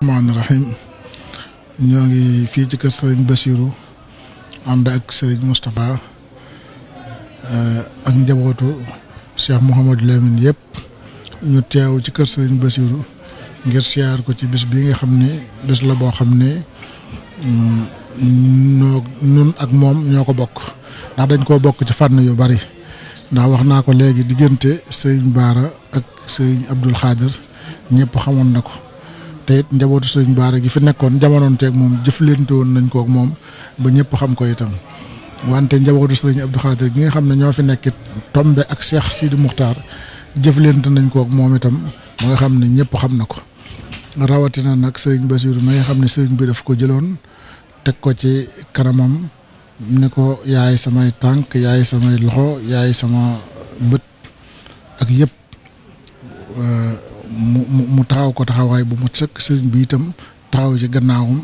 rahmaani rahim ñoo ngi fii ci kër sëriñ Basiru ànd ak sëriñ Moustapha eh, ak njabootu Cheikh Mouhamadou Lamine yépp ñu teew ci kër sëriñ Basiru ngir siyaar ko ci bis bi nga xam ni bis la boo xam ne mm, noo nun ak moom ñoo ko bokk ndax dañ koo bokk ci fànn yu bari ndax wax naa ko léegi diggante sëriñ Baara ak sëriñ Abdul Xaadir ñëpp xamoon na ko te it njabootu sëriñ Baara gi fi nekkoon jamonoon teeg moom jëflante woon nañ kook moom ba ñëpp xam ko itam. wante njabootu sëriñ Abdul Xaadir gi nga xam ne ñoo fi nekkit tombe ak Cheikh Sidi Muxtaar jëflante nañ kook moom itam ba nga xam ne ñëpp xam na ko rawatina nag sëriñ basir ma nga xam ne sëriñ bi daf ko jëloon teg ko ci kanamam. ni ko yaay samay tànk yaay samay loxo yaay sama bët ak yëpp mu mu taxaw ko taxawaay bu mat sëkk sëriñ bi itam taxaw ci gannaawam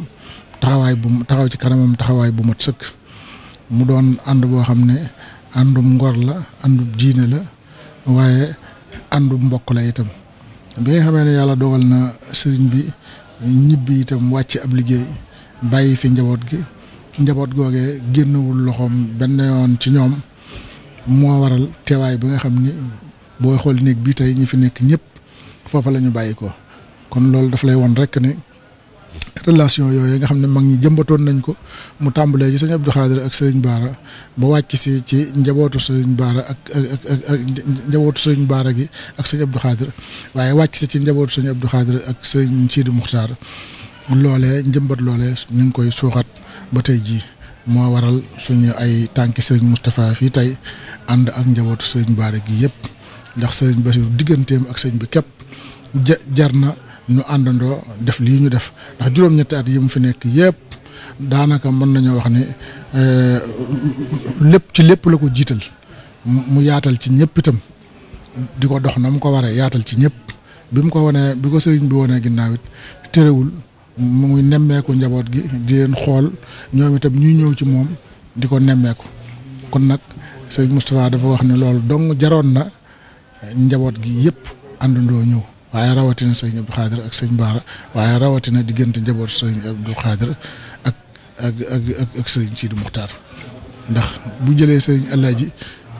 taxawaay bu taxaw ci kanamam taxawaay bu mat sëkk mu doon ànd boo xam ne àndum ngor la àndum jiine la waaye àndum mbokk la itam bi nga xamee ne yàlla dogal na sëriñ bi ñibbi itam wàcc ab liggéey bàyyi fi njaboot gi njaboot googee génnewul loxoom benn yoon ci ñoom moo waral teewaay bi nga xam ni booy xool néeg bi tey ñi fi nekk ñëpp foofa la ñu bàyyi ko kon loolu daf lay won rek ne relation yooyu nga xam ne mag ñi jëmbatoon nañ ko mu tàmbalee ci sëñ Abdou Khadir ak sëriñ Baara ba wàcc si ci njabootu sëriñ Baara ak ak ak ak gi ak sëñ Abdou Khadir waaye wàcc si ci njabootu sëñ Abdou Khadir ak sëriñ Sidi Muxtaar loolee njëmbat loole ñu ngi koy suuxat ba tey jii moo waral suñu ay tànki sëriñ Moustapha fii tey ànd ak njabootu sëriñ Baara gi yëpp. ndax sëriñ Basiru digganteem ak sëñ bi képp ja jar na ñu àndandoo def lii ñu def ndax juróom-ñetti at yi mu fi nekk yëpp daanaka mën nañoo wax ne euh, lépp ci lépp la ko jiital mu yaatal ci ñëpp itam di ko dox na mu ko waree yaatal ci ñëpp bi mu ko wanee bi ko sëriñ bi wanee ginnaaw it terewul mu nemmeeku njaboot gi di leen xool ñoom itam ñuy ñëw ci moom di ko nemmeeku kon nag sëriñ Moustapha dafa wax ne loolu dong jaroon na. njaboot gi yëpp àndandoo ñëw waaye rawatina sëñ Abdou Khadir ak sëñ Baara waaye rawatina diggante njaboot sëñ Abdou Khadir ak ak ak ak Muxtaar ndax bu jëlee sëñ Alaaji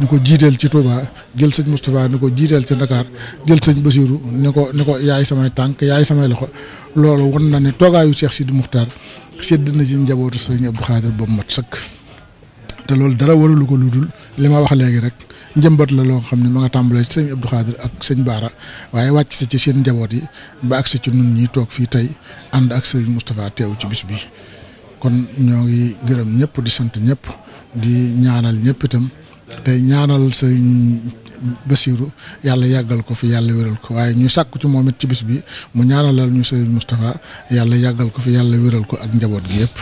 ni ko jiiteel ci Touba jël sëñ Moustapha ni ko jiiteel ci ndakaar jël sëñ Basiru ni ko ni ko yaay samay tànk yaay samay loxo loolu won na ne toogaayu Cheikh Sidi Muxtaar sedd na ci njabootu sëñ Abdou Khadir ba mu mat sëkk te loolu dara waralu ko lu dul li ma wax léegi rek. njëmbat la loo xam ne ma nga tàmbalee ci sëñ Abdou Khadir ak sëñ Baara waaye wàcc si ci seen njaboot yi ba agsi ci nun ñi toog fii tey ànd ak sëñ Moustapha teew ci bis bi kon ñoo ngi gërëm ñëpp di sant ñëpp di ñaanal ñëpp itam tey ñaanal sëñ Basiru yàlla yàggal ko fi yàlla wéral ko waaye ñu sàkku ci moom it ci bis bi mu ñaanalal ñu sëñ Moustapha yàlla yàggal ko fi yàlla wéral ko ak njaboot gi yëpp.